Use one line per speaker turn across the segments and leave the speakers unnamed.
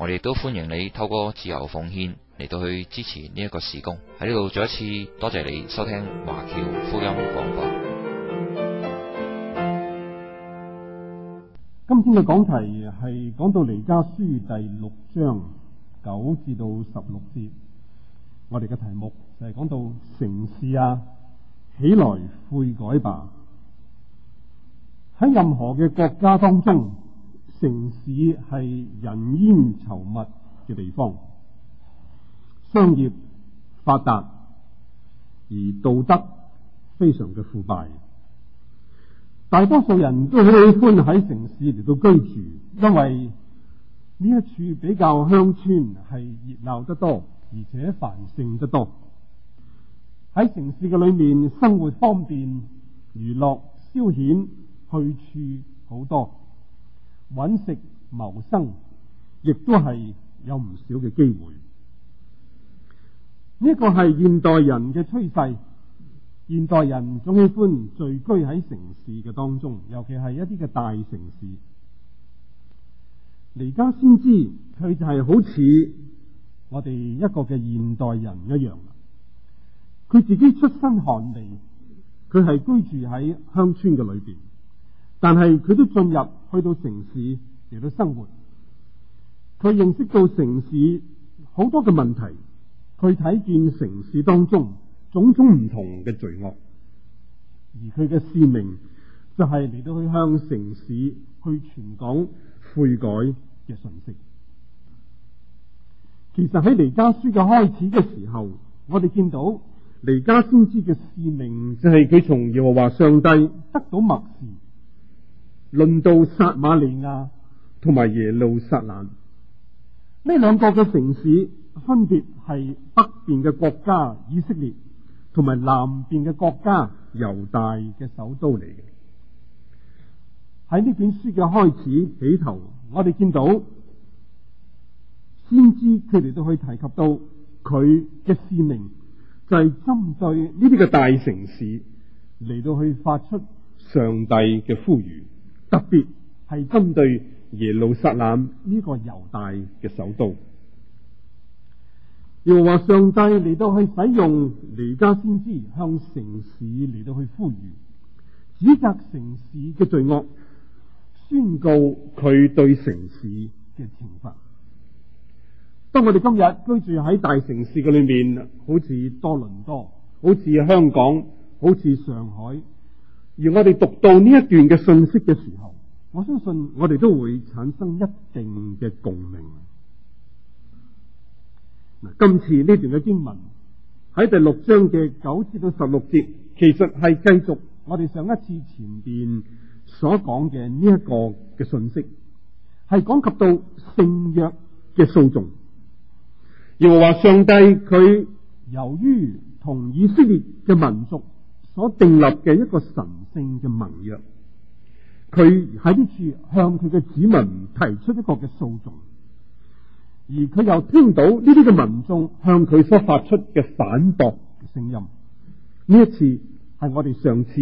我哋都歡迎你透過自由奉獻嚟到去支持呢一個事工。喺呢度再一次多謝你收聽華僑福音廣播。今天嘅講題係講到《彌迦書》第六章九至到十六節，我哋嘅題目就係講到城市呀，起來悔改吧。喺任何嘅國家當中。城市係人煙稠密嘅地方，商業發達，而道德非常嘅腐敗。大多數人都好喜歡喺城市嚟到居住，因為呢一處比較鄉村係熱鬧得多，而且繁盛得多。喺城市嘅裏面，生活方便，娛樂消遣，去處好多。揾食謀生，亦都係有唔少嘅機會。呢個係現代人嘅趨勢。現代人總喜歡聚居喺城市嘅當中，尤其係一啲嘅大城市。彌迦先知佢就係好似我哋一個嘅現代人一樣，佢自己出身寒微，佢係居住喺鄉村嘅裏邊。但係佢都進入去到城市嚟到生活，佢認識到城市好多嘅問題，佢睇見城市當中種種唔同嘅罪惡，而佢嘅使命就係、是、嚟到去向城市去傳講悔改嘅信息。其實喺彌迦書嘅開始嘅時候，我哋見到彌迦先知嘅使命就係、是、佢從耶和華上帝得到默示。論到撒馬利亞同埋耶路撒冷，呢兩個嘅城市分別係北邊嘅國家以色列同埋南邊嘅國家猶大嘅首都嚟嘅。喺呢本書嘅開始起頭，我哋見到先知佢哋都去提及到佢嘅使命，就係、是、針對呢啲嘅大城市嚟到去發出上帝嘅呼籲。特別係針對耶路撒冷呢個猶大嘅首都，又話上帝，嚟到係使用彌迦先知向城市嚟到去呼籲，指責城市嘅罪惡，宣告佢對城市嘅懲罰。當我哋今日居住喺大城市嘅裏面，好似多倫多，好似香港，好似上海。而我哋讀到呢一段嘅信息嘅時候，我相信我哋都會產生一定嘅共鳴。嗱，今次呢段嘅經文喺第六章嘅九至到十六節，其實係繼續我哋上一次前邊所講嘅呢一個嘅信息，係講及到聖約嘅訴訟，而話，上帝佢由於同以色列嘅民族，所訂立嘅一個神聖嘅盟約，佢喺呢處向佢嘅子民提出一個嘅訴訟，而佢又聽到呢啲嘅民眾向佢所發出嘅反駁嘅聲音，呢一次係我哋上次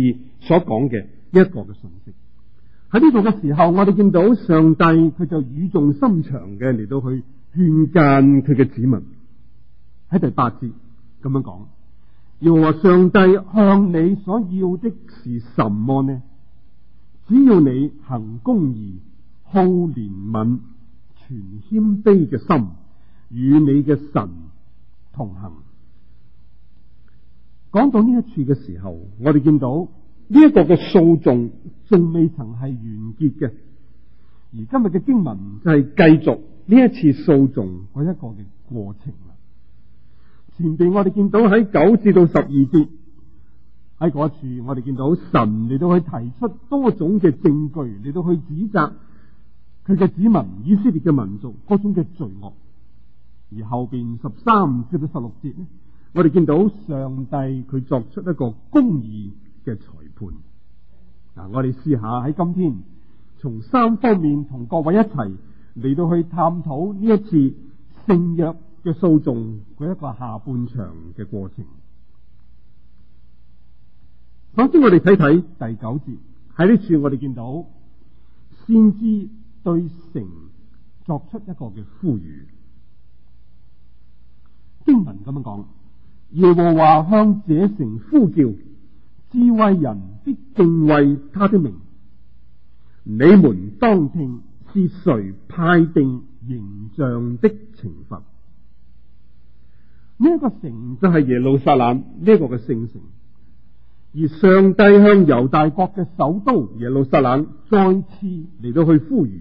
所講嘅一個嘅信息。喺呢度嘅時候，我哋見到上帝佢就語重心長嘅嚟到去勸諫佢嘅子民，喺第八節咁樣講。要話上帝向你所要的是什麼呢？只要你行公義、好憐憫、全謙卑嘅心，與你嘅神同行。講到呢一處嘅時候，我哋見到呢一個嘅訴訟仲未曾係完結嘅，而今日嘅經文就係繼續呢一次訴訟一個嘅過程。前邊我哋見到喺九至到十二節喺嗰處，我哋見到神嚟到去提出多種嘅證據，嚟到去指責佢嘅子民以色列嘅民族各種嘅罪惡。而後邊十三至到十六節呢，我哋見到上帝佢作出一個公義嘅裁判。嗱、啊，我哋試下喺今天從三方面同各位一齊嚟到去探討呢一次聖約嘅訴訟，佢一個下半場嘅過程。首先，我哋睇睇第九節喺呢處，我哋見到先知對城作出一個嘅呼籲。經文咁樣講：耶和華向這城呼叫，智慧人必敬畏他的名。你們當聽是誰派定刑杖的懲罰？呢一個城就係耶路撒冷呢一個嘅聖城，而上帝向猶大國嘅首都耶路撒冷再次嚟到去呼籲，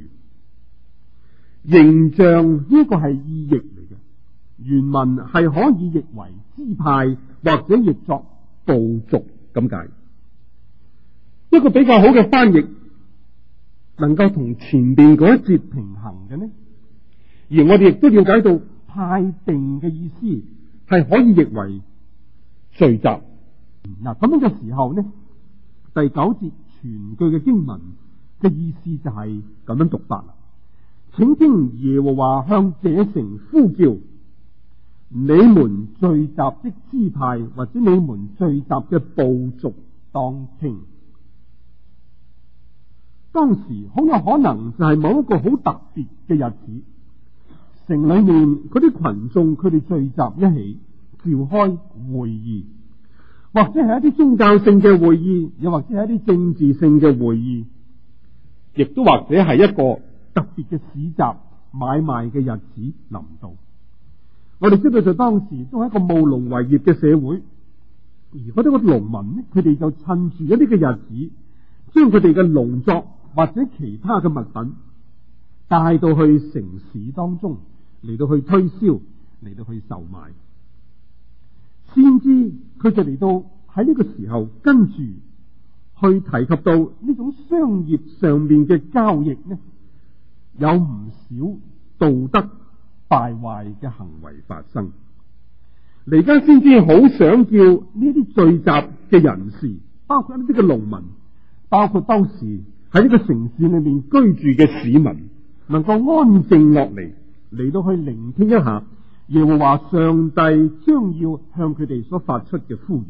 形象呢個係意譯嚟嘅，原文係可以譯為支派或者譯作部族咁解。一個比較好嘅翻譯能夠同前邊嗰一節平衡嘅呢？而我哋亦都了解到派定嘅意思。係可以譯為聚集。嗱，咁樣嘅時候呢？第九節全句嘅經文嘅意思就係咁樣讀法啦。請聽耶和華向這城呼叫，你們聚集的支派，或者你們聚集嘅部族當聽。當時好有可能就係某一個好特別嘅日子。城裏面嗰啲群眾，佢哋聚集一起召開會議，或者係一啲宗教性嘅會議，又或者係一啲政治性嘅會議，亦都或者係一個特別嘅市集，買賣嘅日子臨到。我哋知道，就當時都係一個務農為業嘅社會，而嗰啲嗰啲農民咧，佢哋就趁住一啲嘅日子，將佢哋嘅農作或者其他嘅物品帶到去城市當中。嚟到去推銷，嚟到去售賣，先知佢就嚟到喺呢個時候跟住去提及到呢種商業上面嘅交易呢，有唔少道德敗壞嘅行為發生。嚟家先知好想叫呢啲聚集嘅人士，包括一啲嘅農民，包括當時喺呢個城市裏面居住嘅市民，能夠安靜落嚟。嚟到去聆聽一下，耶和華上帝將要向佢哋所發出嘅呼籲。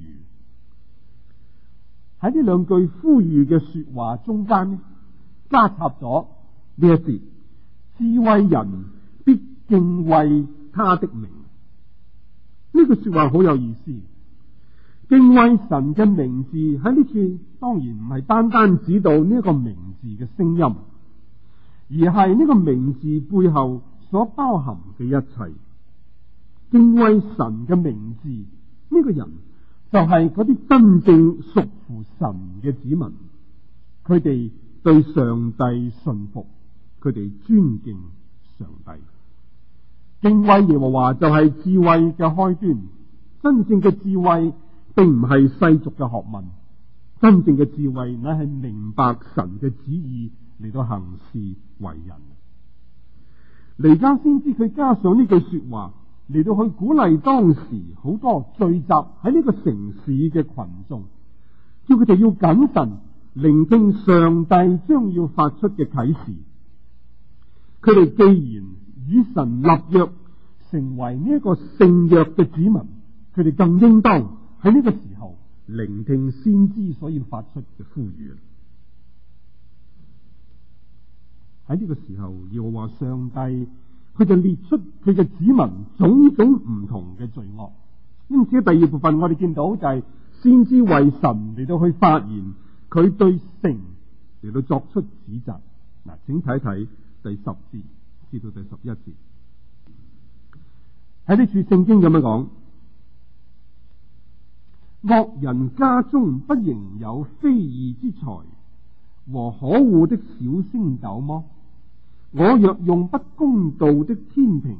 喺呢兩句呼籲嘅說話中間，加插咗呢一節：智慧人必敬畏他的名。呢句說話好有意思，敬畏神嘅名字喺呢處當然唔係單單指到呢一個名字嘅聲音，而係呢個名字背後。所包含嘅一切，敬畏神嘅名字，呢個人就係嗰啲真正屬乎神嘅子民，佢哋對上帝信服，佢哋尊敬上帝。敬畏耶和華就係智慧嘅開端，真正嘅智慧並唔係世俗嘅學問，真正嘅智慧乃係明白神嘅旨意嚟到行事為人。彌迦先知佢加上呢句說話嚟到去鼓勵當時好多聚集喺呢個城市嘅群眾，叫佢哋要謹慎聆聽上帝將要發出嘅啟示。
佢哋既
然以神立約，成為呢一個聖約嘅子民，佢哋更應當喺呢個時候聆聽先知所要發出嘅呼籲。喺呢個時候要我話上帝，佢就列出佢嘅子民種種唔同嘅罪惡。因此，第二部分，我哋見到就係先知為神嚟到去發言性，佢對城嚟到作出指責。嗱，請睇睇第十節至到第十一節，喺呢處聖經咁樣講，惡人家中不仍有非義之財和可惡的小升斗麼？我若用不公道的天平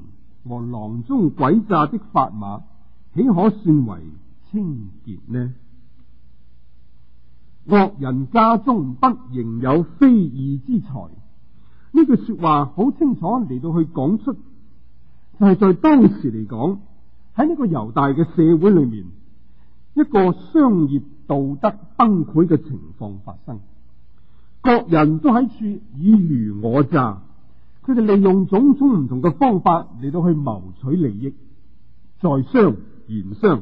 和囊中詭詐的法碼，豈可算為清潔呢？
惡
人家中不仍有非義之財？呢句說話好清楚嚟到去講出，就係、是、在當時嚟講喺呢個猶大嘅社會裏面，一個商業道德崩潰嘅情況發生，各人都喺處爾虞我詐。佢哋利用種種唔同嘅方法嚟到去謀取利益，在商言商，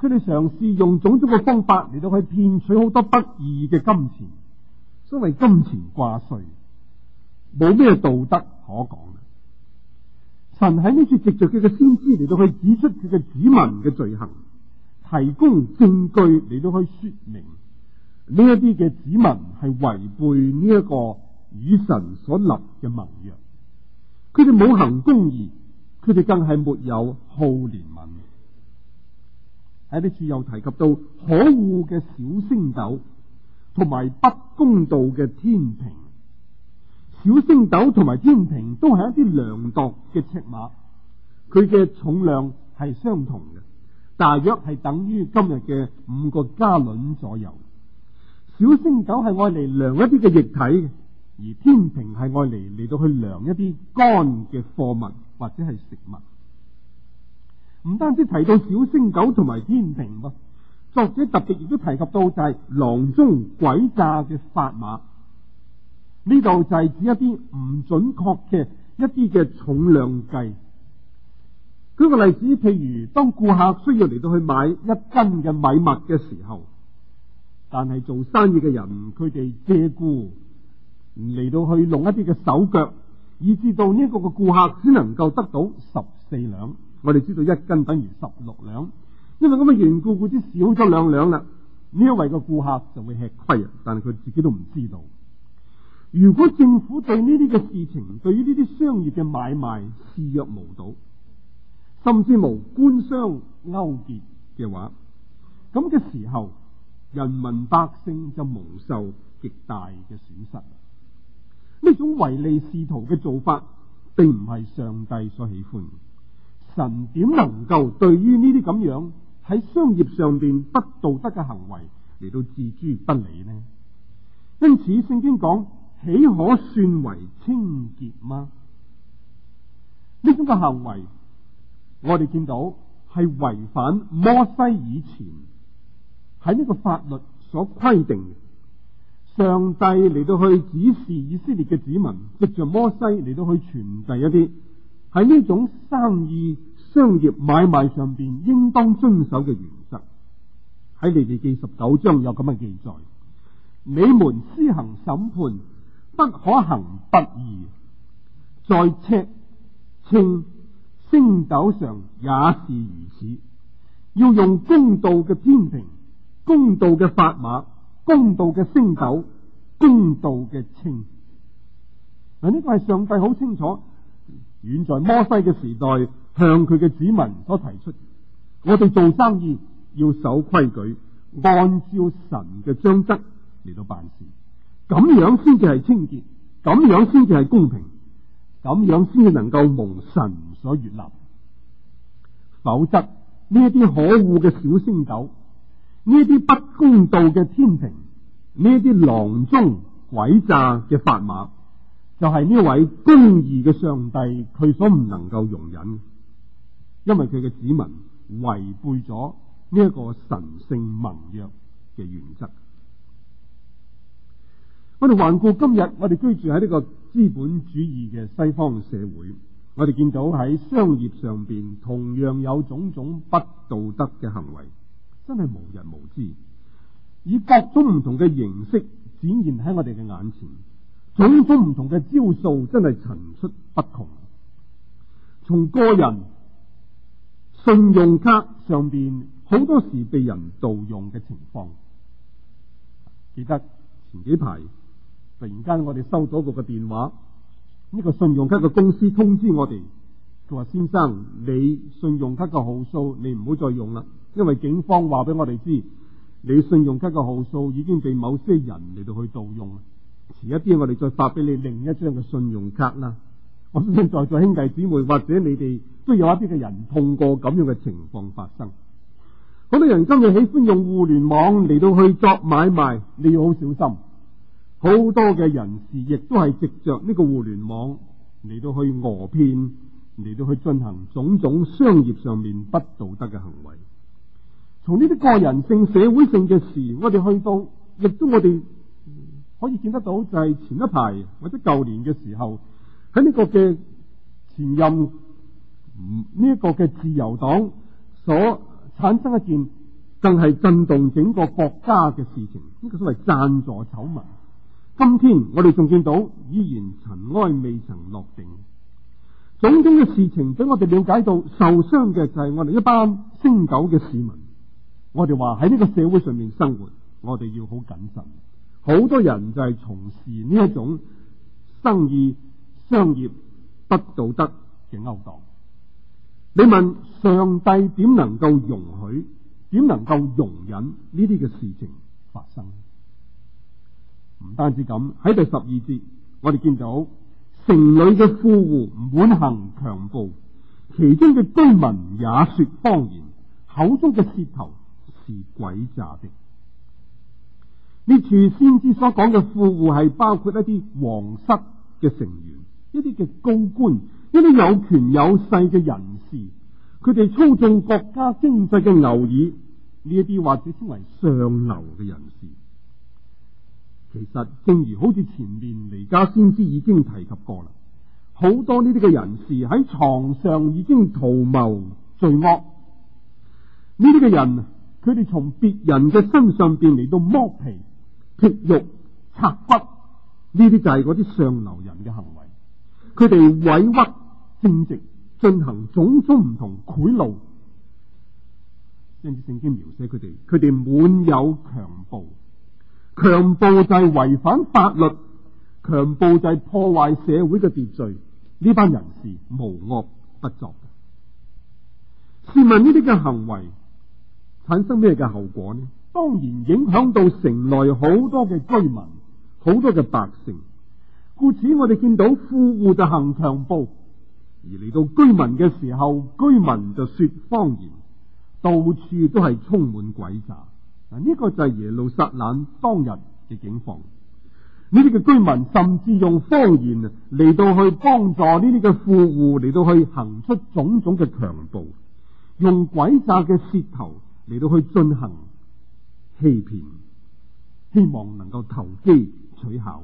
佢哋嘗試用種種嘅方法嚟到去騙取好多不義嘅金錢，所謂金錢掛帥，冇咩道德可講。神喺呢處藉著佢嘅先知嚟到去指出佢嘅子民嘅罪行，提供證據嚟到去說明呢一啲嘅子民係違背呢一個與神所立嘅盟約。佢哋冇行公義，佢哋更係沒有好憐憫。喺呢處又提及到可惡嘅小升斗同埋不公道嘅天平。小升斗同埋天平都係一啲量度嘅尺碼，佢嘅重量係相同嘅，大約係等於今日嘅五個加崙左右。小升斗係愛嚟量一啲嘅液體嘅。而天平係愛嚟嚟到去量一啲乾嘅貨物或者係食物，唔單止提到小星狗同埋天平，噃，作者特別亦都提及到就係郎中鬼詐嘅法碼，呢度就係指一啲唔準確嘅一啲嘅重量計。舉個例子，譬如當顧客需要嚟到去買一斤嘅米物嘅時候，但係做生意嘅人佢哋借故。嚟到去弄一啲嘅手腳，以至到呢一個嘅顧客只能夠得到十四兩。我哋知道一斤等於十六兩，因為咁嘅緣故，佢只少咗兩兩啦。呢一位嘅顧客就會吃虧，啊，但係佢自己都唔知道。如果政府對呢啲嘅事情，對於呢啲商業嘅買賣視若無睹，甚至無官商勾結嘅話，咁嘅時候，人民百姓就蒙受極大嘅損失。呢種唯利是圖嘅做法，並唔係上帝所喜歡。神點能夠對於呢啲咁樣喺商業上面不道德嘅行為嚟到置之不理呢？因此聖經講，聖經講豈可算為清潔嗎？呢種嘅行為，我哋見到係違反摩西以前喺呢個法律所規定嘅。上帝嚟到去指示以色列嘅子民，藉着摩西嚟到去傳遞一啲喺呢種生意商業買賣上邊應當遵守嘅原則。喺《利未記》十九章有咁嘅記載：你們施行審判，不可行不義，在尺秤升斗上也是如此，要用公道嘅天平、公道嘅砝碼。公道嘅升斗，公道嘅秤。嗱，呢個係上帝好清楚，遠在摩西嘅時代，向佢嘅子民所提出：我哋做生意要守規矩，按照神嘅章則嚟到辦事，咁樣先至係清潔，咁樣先至係公平，咁樣先至能夠蒙神所悅納。否則呢一啲可惡嘅小升斗。呢啲不公道嘅天平，呢啲囊中詭詐嘅砝碼，就係、是，呢位公義嘅上帝，佢所唔能夠容忍，因為佢嘅子民違背咗呢一個神聖盟約嘅原則。我哋環顧今日，我哋居住喺呢個資本主義嘅西方社會，我哋見到喺商業上邊同樣有種種不道德嘅行為。真係無人無知，以各種唔同嘅形式展現喺我哋嘅眼前，種種唔同嘅招數真係層出不窮。從個人信用卡上邊，好多時被人盜用嘅情況，記得前幾排突然間我哋收到個個電話，呢、這個信用卡嘅公司通知我哋。佢話：先生，你信用卡嘅號數你唔好再用啦，因為警方話俾我哋知，你信用卡嘅號數已經被某些人嚟到去盜用啦。遲一啲，我哋再發俾你另一張嘅信用卡啦。我相信在座兄弟姊妹或者你哋都有一啲嘅人碰過咁樣嘅情況發生。好多人心就喜歡用互聯網嚟到去作買賣，你要好小心。好多嘅人士亦都係藉着呢個互聯網嚟到去訛騙。嚟到去進行種種商業上面不道德嘅行為，從呢啲個人性、社會性嘅事，我哋去到亦都我哋、嗯、可以見得到，就係前一排或者舊年嘅時候，喺呢個嘅前任呢一個嘅自由黨所產生一件，更係震動整個國家嘅事情，呢個所謂贊助醜聞。今天我哋仲見到依然塵埃未曾落定。種種嘅事情，俾我哋了解到受傷嘅就係我哋一班星九嘅市民。我哋話喺呢個社會上面生活，我哋要好謹慎。好多人就係從事呢一種生意、商業不道德嘅勾當。
你問
上帝點能夠容許、點能夠容忍呢啲嘅事情發生？唔單止咁，喺第十二節，我哋見到。城裏嘅富戶唔滿行強暴，其中嘅居民也說謊言，口中嘅舌頭是詭詐的。呢處先知所講嘅富戶係包括一啲皇室嘅成員，一啲嘅高官，一啲有權有勢嘅人士，佢哋操縱國家經濟嘅牛耳，呢一啲或者稱為上流嘅人士。其實正如好似前面彌迦先知已經提及過啦，好多呢啲嘅人士喺床上已經圖謀罪惡。呢啲嘅人，佢哋從別人嘅身上邊嚟到剝皮、剔肉、拆骨，呢啲就係嗰啲上流人嘅行為。佢哋委屈正直，進行種種唔同賄賂。甚至聖經描寫佢哋，佢哋滿有強暴。強暴就係違反法律，強暴就係破壞社會嘅秩序。呢班人士無惡不作。試問呢啲嘅行為產生咩嘅後果呢？當然影響到城內好多嘅居民，好多嘅百姓。故此，我哋見到富戶就行強暴，而嚟到居民嘅時候，居民就說謊言，到處都係充滿詭詐。嗱，呢個就係耶路撒冷當日嘅景況。呢啲嘅居民甚至用方言嚟到去幫助呢啲嘅富戶嚟到去行出種種嘅強暴，用詭詐嘅舌頭嚟到去進行欺騙，希望能夠投機取巧。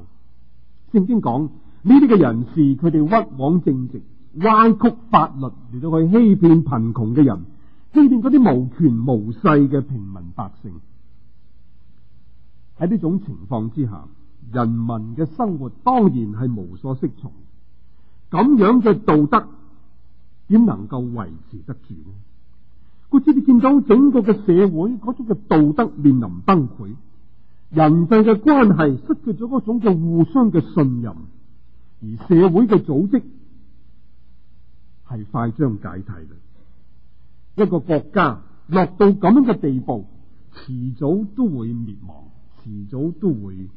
聖經講，呢啲嘅人士佢哋屈枉正直，歪曲法律嚟到去欺騙貧窮嘅人，欺騙嗰啲無權無勢嘅平民百姓。喺呢種情況之下，人民嘅生活當然係無所適從。咁樣嘅道德點能夠維持得住呢？佢只係見到整個嘅社會嗰種嘅道德面臨崩潰，人際嘅關係失去咗嗰種嘅互相嘅信任，而社會嘅組織係快將解體嘅。一個國家落到咁樣嘅地步，遲早都會滅亡。遲早都會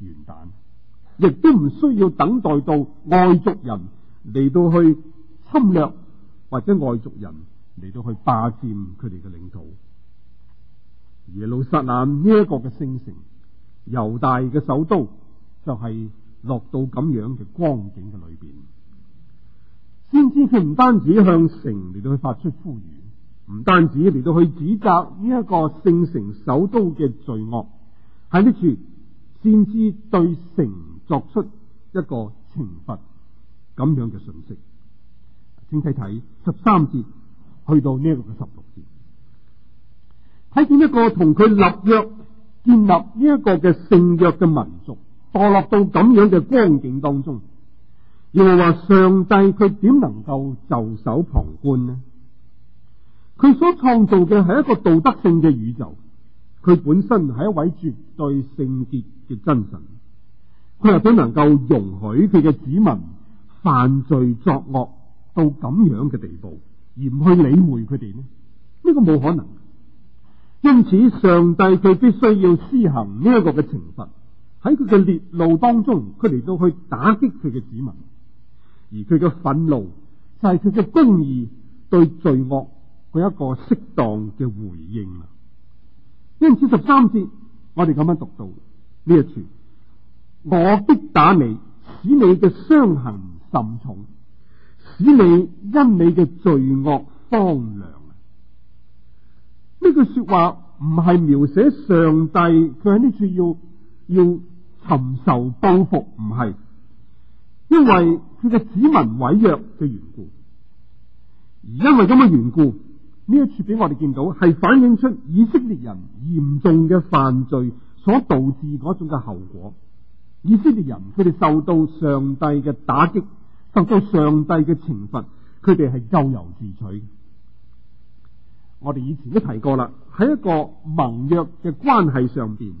完蛋，亦都唔需要等待到外族人嚟到去侵略，或者外族人嚟到去霸佔佢哋嘅領土。耶路撒冷呢一個嘅聖城，猶大嘅首都，就係落到咁樣嘅光景嘅裏邊。先知佢唔單止向城嚟到去發出呼籲，唔單止嚟到去指責呢一個聖城首都嘅罪惡。喺呢處先知對城作出一個懲罰咁樣嘅信息，請睇睇十三節去到呢一個嘅十六節，睇見一個同佢立約建立呢一個嘅聖約嘅民族墮落到咁樣嘅光景當中，
要話
上帝佢點能夠袖手旁觀呢？佢所創造嘅係一個道德性嘅宇宙。佢本身係一位絕對聖潔嘅真神，佢又點能夠容許佢嘅子民犯罪作惡到咁樣嘅地步，而唔去理會佢哋呢？呢、這個冇可能。因此，上帝佢必須要施行呢一個嘅懲罰，喺佢嘅烈怒當中，佢嚟到去打擊佢嘅子民，而佢嘅憤怒，就係佢嘅公義對罪惡佢一個適當嘅回應啊！因此十三節，我哋咁樣讀到呢一處，我必打你，使你嘅傷痕甚重，使你因你嘅罪惡荒涼。呢句說話唔係描寫上帝佢喺呢處要要尋仇報復，唔係，因為佢嘅子民毀約嘅緣故，而因為咁嘅緣故。呢一處俾我哋見到係反映出以色列人嚴重嘅犯罪所導致嗰種嘅後果。以色列人佢哋受到上帝嘅打擊，受到上帝嘅懲罰，佢哋係咎由自取。我哋以前都提過啦，喺一個盟約嘅關係上邊，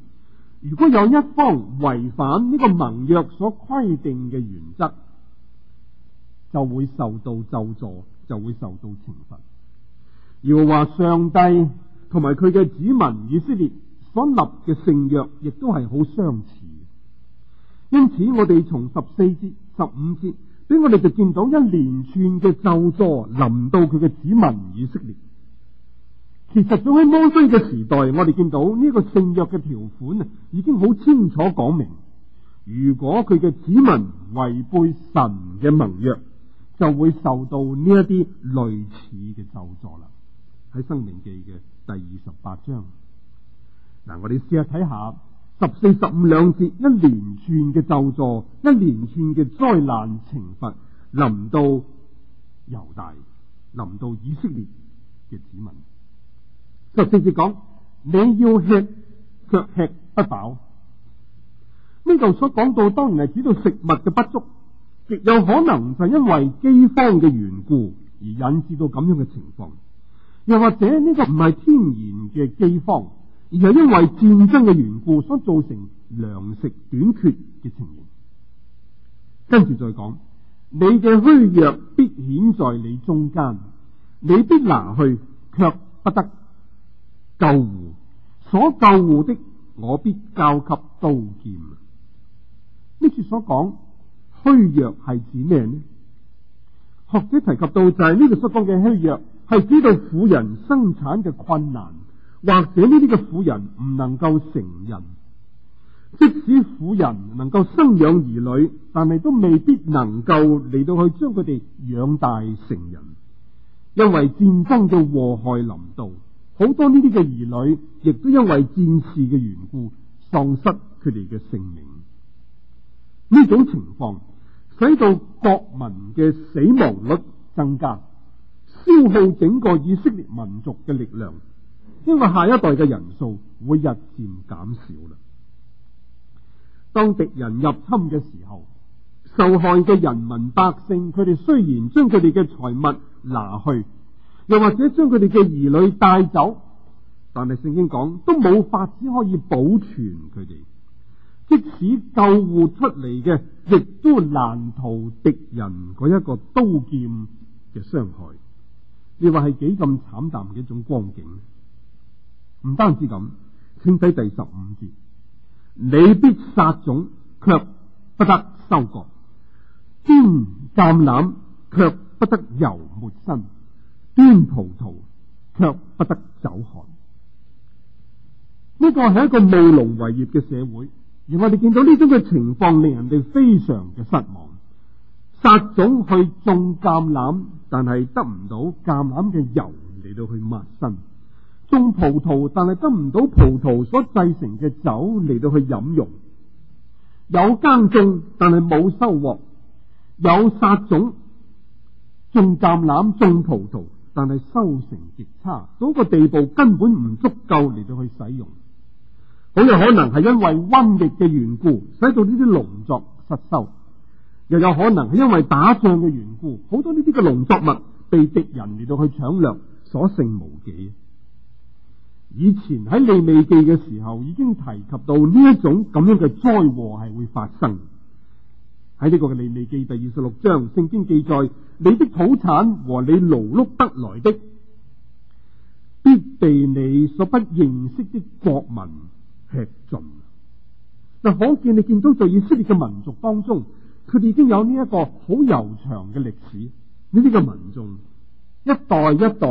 如果有一方違反呢個盟約所規定嘅原則，就會受到咒詛，就會受到懲罰。要話上帝同埋佢嘅子民以色列所立嘅聖約，亦都係好相似。因此，我哋從十四節、十五節，俾我哋就見到一連串嘅咒詛臨到佢嘅子民以色列。其實，仲喺摩西嘅時代，我哋見到呢一個聖約嘅條款啊，已經好清楚講明，如果佢嘅子民違背神嘅盟約，就會受到呢一啲類似嘅咒詛啦。喺《生命記》嘅第二十八章嗱，我哋試下睇下十四、十五兩節一連串嘅咒詛，一連串嘅災難懲罰臨到猶大，臨到以色列嘅子民，就直接講，你要吃，卻吃不飽。呢度所講到，當然係指到食物嘅不足，極有可能就係因為饑荒嘅緣故而引致到咁樣嘅情況。又或者呢個唔係天然嘅飢荒，而係因為戰爭嘅緣故所造成糧食短缺嘅情形。跟住再講，你嘅虛弱必顯在你中間，你必拿去卻不得救護。所救護的，我必交給刀劍。呢次所講虛弱係指咩呢？學者提及到就係呢個西方嘅虛弱。係知道婦人生產嘅困難，或者呢啲嘅婦人唔能夠成人。即使婦人能夠生養兒女，但係都未必能夠嚟到去將佢哋養大成人。因為戰爭嘅禍害臨到，好多呢啲嘅兒女亦都因為戰事嘅緣故喪失佢哋嘅性命。呢種情況使到國民嘅死亡率增加。消耗整個以色列民族嘅力量，因為下一代嘅人數會日漸減少啦。當敵人入侵嘅時候，受害嘅人民百姓，佢哋雖然將佢哋嘅財物拿去，又或者將佢哋嘅兒女帶走，但係聖經講都冇法子可以保存佢哋。即使救護出嚟嘅，亦都難逃敵人嗰一個刀劍嘅傷害。你話係幾咁慘淡嘅一種光景，唔單止咁，請睇第十五節，你必撒種，卻不得收割；端橄欖，卻不得油抹身；端葡萄，卻不得走寒。呢個係一個務農為業嘅社會，而我哋見到呢種嘅情況，令人哋非常嘅失望。撒種去種橄欖，但係得唔到橄欖嘅油嚟到去抹身；種葡萄，但係得唔到葡萄所製成嘅酒嚟到去飲用。有耕種但係冇收穫，有撒種種橄欖、種葡萄，但係收成極差，到個地步根本唔足夠嚟到去使用。
好有可能
係因為瘟疫嘅緣故，使到呢啲農作失收。又有可能係因為打仗嘅緣故，好多呢啲嘅農作物被敵人嚟到去搶掠，所剩無幾。以前喺《利未記》嘅時候已經提及到呢一種咁樣嘅災禍係會發生。喺呢個嘅《利未記》第二十六章聖經記載：「你的土產和你勞碌得來的，必被你所不認識的國民吃盡。」嗱，可見你見到在以色列嘅民族當中。佢哋已經有呢一個好悠長嘅歷史，呢啲嘅民眾一代一代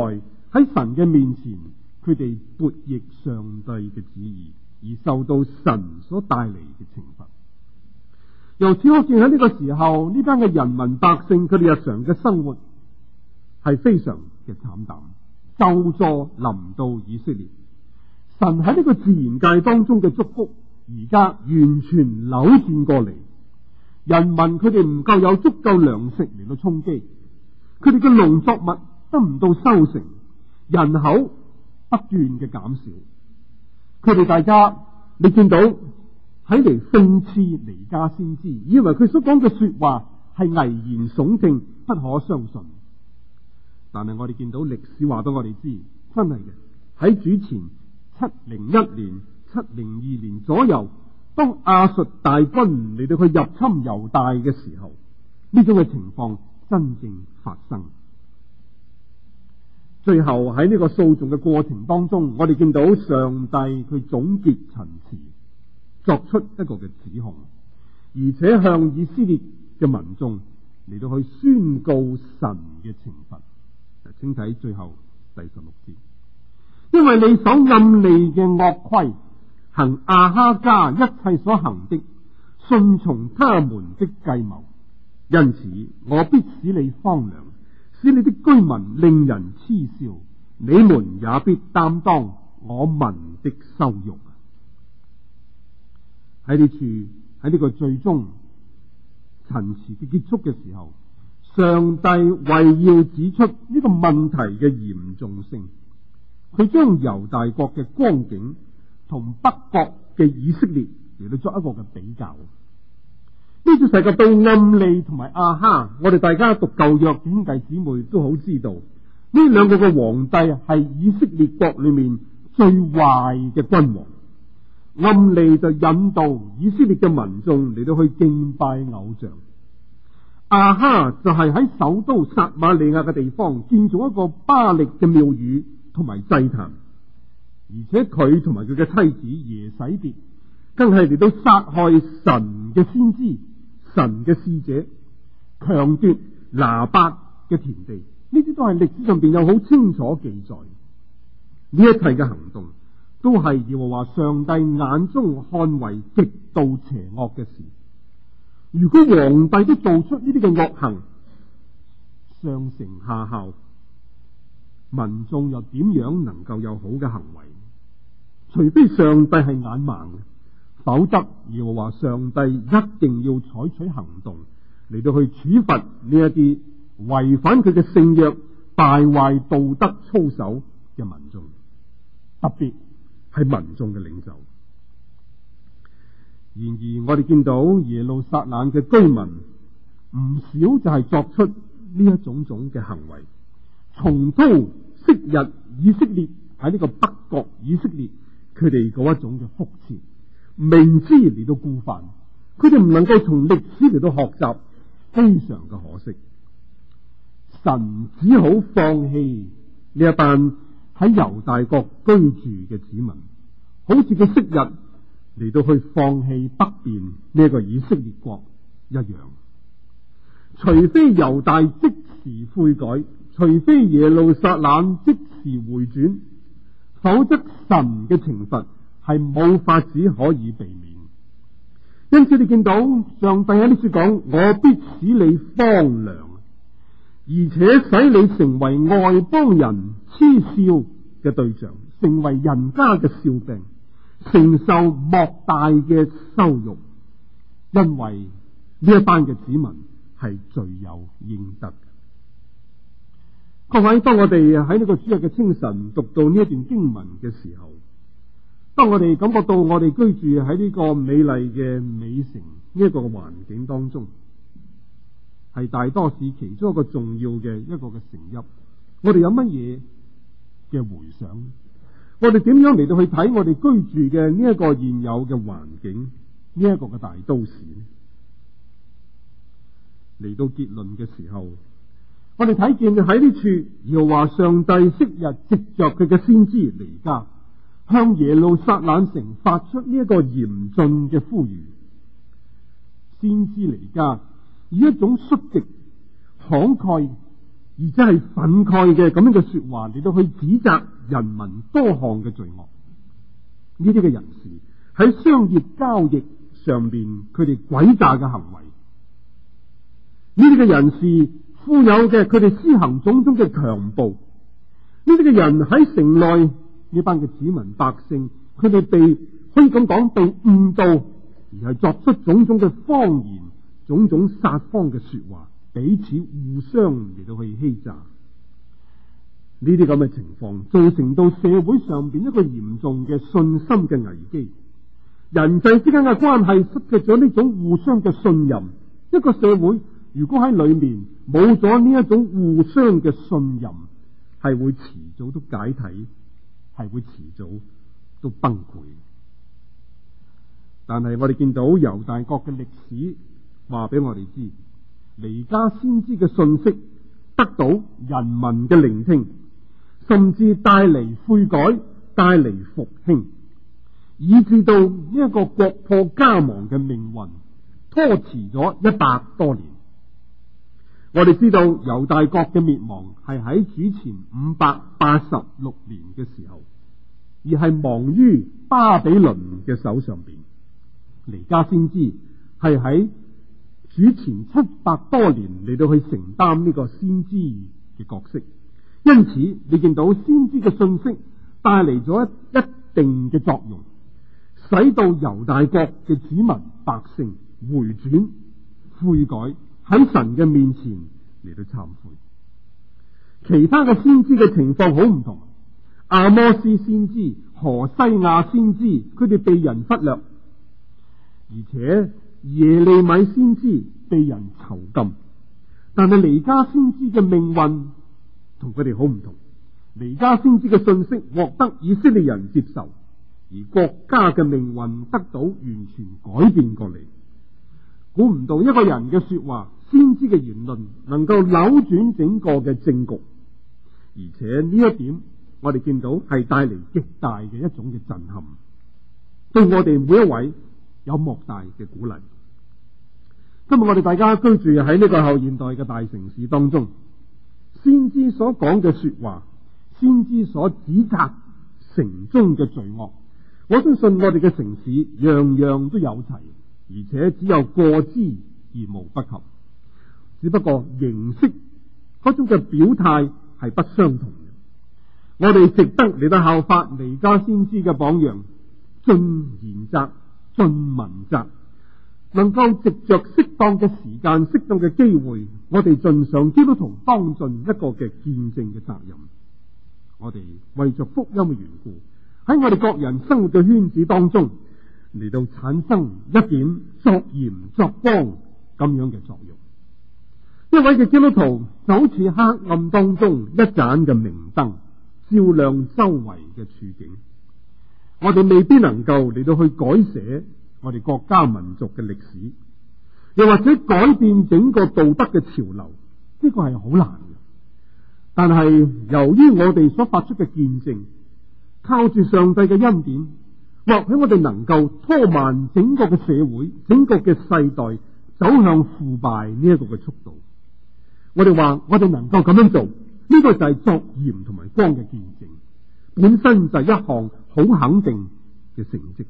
喺神嘅面前，佢哋悖逆上帝嘅旨意，而受到神所帶嚟嘅懲罰。由此可見喺呢個時候，呢班嘅人民百姓佢哋日常嘅生活係非常嘅慘淡。咒詛臨到以色列，神喺呢個自然界當中嘅祝福，而家完全扭轉過嚟。人民佢哋唔夠有足夠糧食嚟到充飢，佢哋嘅農作物得唔到收成，人口不斷嘅減少，佢哋大家你見到喺嚟諷刺彌迦先知，以為佢所講嘅說話係危言聳聽，不可相信。但係我哋見到歷史話俾我哋知，真係嘅喺主前七零一年、七零二年左右。當亞述大軍嚟到佢入侵猶大嘅時候，呢種嘅情況真正發生。最後喺呢個訴訟嘅過程當中，我哋見到上帝佢總結陳詞，作出一個嘅指控，而且向以色列嘅民眾嚟到去宣告神嘅懲罰。嚟，請睇最後第十六節，因為你所暗利嘅惡規。行亞哈家一切所行的，順從他們的計謀，因此我必使你荒涼，使你的居民令人嗤笑，你們也必擔當我民的羞辱。喺呢處喺呢個最終陳詞嘅結束嘅時候，上帝為要指出呢個問題嘅嚴重性，佢將猶大國嘅光景，同北國嘅以色列嚟到作一個嘅比較，呢個世界對暗利同埋阿哈，我哋大家讀舊約嘅兄弟姊妹都好知道，呢兩個嘅皇帝係以色列國裏面最壞嘅君王。暗利就引導以色列嘅民眾嚟到去敬拜偶像，阿哈就係喺首都撒馬利亞嘅地方建造一個巴力嘅廟宇同埋祭壇。而且佢同埋佢嘅妻子耶洗別，更係嚟到殺害神嘅先知、神嘅使者，強奪拿伯嘅田地。呢啲都係歷史上邊有好清楚記載。呢一切嘅行動，都係耶和華上帝眼中看為極度邪惡嘅事。如果皇帝都做出呢啲嘅惡行，上承下效，民眾又點樣能夠有好嘅行為？除非上帝係眼盲，否則而我話，上帝一定要採取行動嚟到去處罰呢一啲違反佢嘅聖約、敗壞道德操守嘅民眾，特別係民眾嘅領袖。然而，我哋見到耶路撒冷嘅居民唔少就係作出呢一種種嘅行為，重蹈昔日以色列喺呢個北國以色列。佢哋嗰一種嘅膚淺，明知嚟到故犯，佢哋唔能夠從歷史嚟到學習，非常嘅可惜。神只好放棄呢一班喺猶大國居住嘅子民，好似佢昔日嚟到去放棄北邊呢一個以色列國一樣。除非猶大即時悔改，除非耶路撒冷即時回轉。否則神嘅懲罰係冇法子可以避免，因此你見到上帝喺呢處講：我必使你荒涼，而且使你成為外邦人嗤笑嘅對象，成為人家嘅笑柄，承受莫大嘅羞辱，因為呢一班嘅子民係罪有應得。各位，當我哋喺呢個主日嘅清晨讀到呢一段經文嘅時候，當我哋感覺到我哋居住喺呢個美麗嘅美城呢一個環境當中，係大都市其中一個重要嘅一個嘅成因。我哋有乜嘢嘅回想？我哋點樣嚟到去睇我哋居住嘅呢一個現有嘅環境呢一個嘅大都市呢？嚟到結論嘅時候。我哋睇見喺呢處，又話上帝昔日藉着佢嘅先知彌迦，向耶路撒冷城發出呢一個嚴峻嘅呼籲。先知彌迦以一種率直、慷慨，而且係憤慨嘅咁樣嘅說話嚟到去指責人民多項嘅罪惡。呢啲嘅人士喺商業交易上面佢哋詭詐嘅行為，呢啲嘅人士，富有嘅佢哋施行種種嘅強暴，呢啲嘅人喺城內呢班嘅子民百姓，佢哋被可以咁講被誤導，而係作出種種嘅謊言、種種殺方嘅說話，彼此互相嚟到去欺詐。呢啲咁嘅情況造成到社會上邊一個嚴重嘅信心嘅危機，人際之間嘅關係失去咗呢種互相嘅信任，一個社會。如果喺裏面冇咗呢一種互相嘅信任，係會遲早都解體，係會遲早都崩潰。但係我哋見到猶大國嘅歷史話俾我哋知，彌迦先知嘅信息得到人民嘅聆聽，甚至帶嚟悔改，帶嚟復興，以至到呢一個國破家亡嘅命運拖遲咗一百多年。我哋知道猶大國嘅滅亡係喺主前五百八十六年嘅時候，而係亡於巴比倫嘅手上邊。彌迦先知係喺主前七百多年嚟到去承擔呢個先知嘅角色，因此你見到先知嘅信息帶嚟咗一,一定嘅作用，使到猶大國嘅子民百姓回轉悔改。喺神嘅面前嚟到懺悔，其他嘅先知嘅情況好唔同。阿摩斯先知、何西亞先知，佢哋被人忽略，而且耶利米先知被人囚禁。但係彌迦先知嘅命運同佢哋好唔同。彌迦先知嘅信息獲得以色列人接受，而國家嘅命運得到完全改變過嚟。估唔到一個人嘅說話。先知嘅言論能夠扭轉整個嘅政局，而且呢一點我哋見到係帶嚟極大嘅一種嘅震撼，對我哋每一位有莫大嘅鼓勵。今日我哋大家居住喺呢個後現代嘅大城市當中，先知所講嘅說話，先知所指責城中嘅罪惡，我相信我哋嘅城市樣樣都有齊，而且只有過之而無不及。只不過形式種嘅表態係不相同嘅。我哋值得嚟到效法彌迦先知嘅榜樣，盡言責、盡文責，能夠藉着適當嘅時間、適當嘅機會，我哋盡上基督徒當盡一個嘅見證嘅責任。我哋為咗福音嘅緣故，喺我哋各人生活嘅圈子當中嚟到產生一點作鹽作光咁樣嘅作用。一位嘅基督徒，就好似黑暗當中一盞嘅明燈，照亮周圍嘅處境。我哋未必能夠嚟到去改寫我哋國家民族嘅歷史，又或者改變整個道德嘅潮流，呢個係好難嘅。但係由於我哋所發出嘅見證，靠住上帝嘅恩典，或許我哋能夠拖慢整個嘅社會、整個嘅世代走向腐敗呢一個嘅速度。我哋話我哋能夠咁樣做，呢、這個就係作鹽同埋光嘅見證，本身就係一項好肯定嘅成績。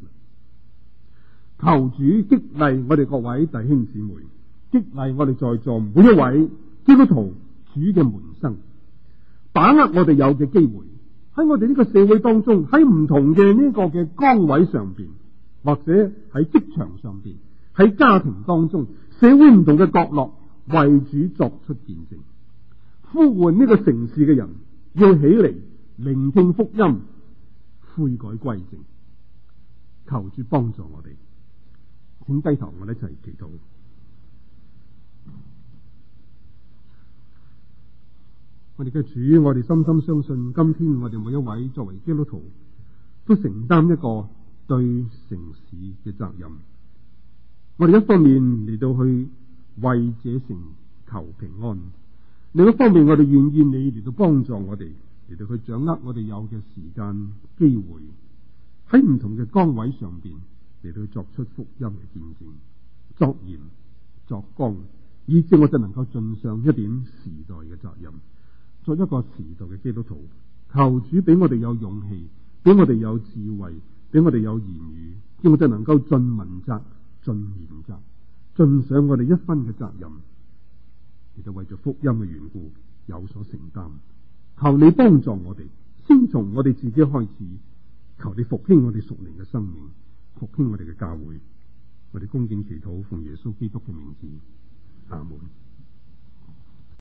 求主激勵我哋各位弟兄姊妹，激勵我哋在座每一位，基督徒主嘅門生，把握我哋有嘅機會，喺我哋呢個社會當中，喺唔同嘅呢個嘅崗位上邊，或者喺職場上邊，喺家庭當中，社會唔同嘅角落。為主作出見證，呼喚呢個城市嘅人要起嚟聆聽福音，悔改歸正，求主幫助我哋，請低頭我哋一齊祈禱。我哋嘅主，我哋深深相信，今天我哋每一位作為基督徒，都承擔一個對城市嘅責任。我哋一方面嚟到去。為這城求平安。另一方面，我哋願意你嚟到幫助我哋，嚟到去掌握我哋有嘅時間機會，喺唔同嘅崗位上邊嚟到去作出福音嘅見證、作言、作工，以至我就能夠盡上一點時代嘅責任，作一個時代嘅基督徒。求主俾我哋有勇氣，俾我哋有智慧，俾我哋有言語，叫我就能夠盡民責、盡言責。盡上我哋一分嘅責任，亦都為咗福音嘅緣故有所承擔。求你幫助我哋，先從我哋自己開始。求你復興我哋屬靈嘅生命，復興我哋嘅教會。我哋恭敬祈禱，奉耶穌基督嘅名字，阿門。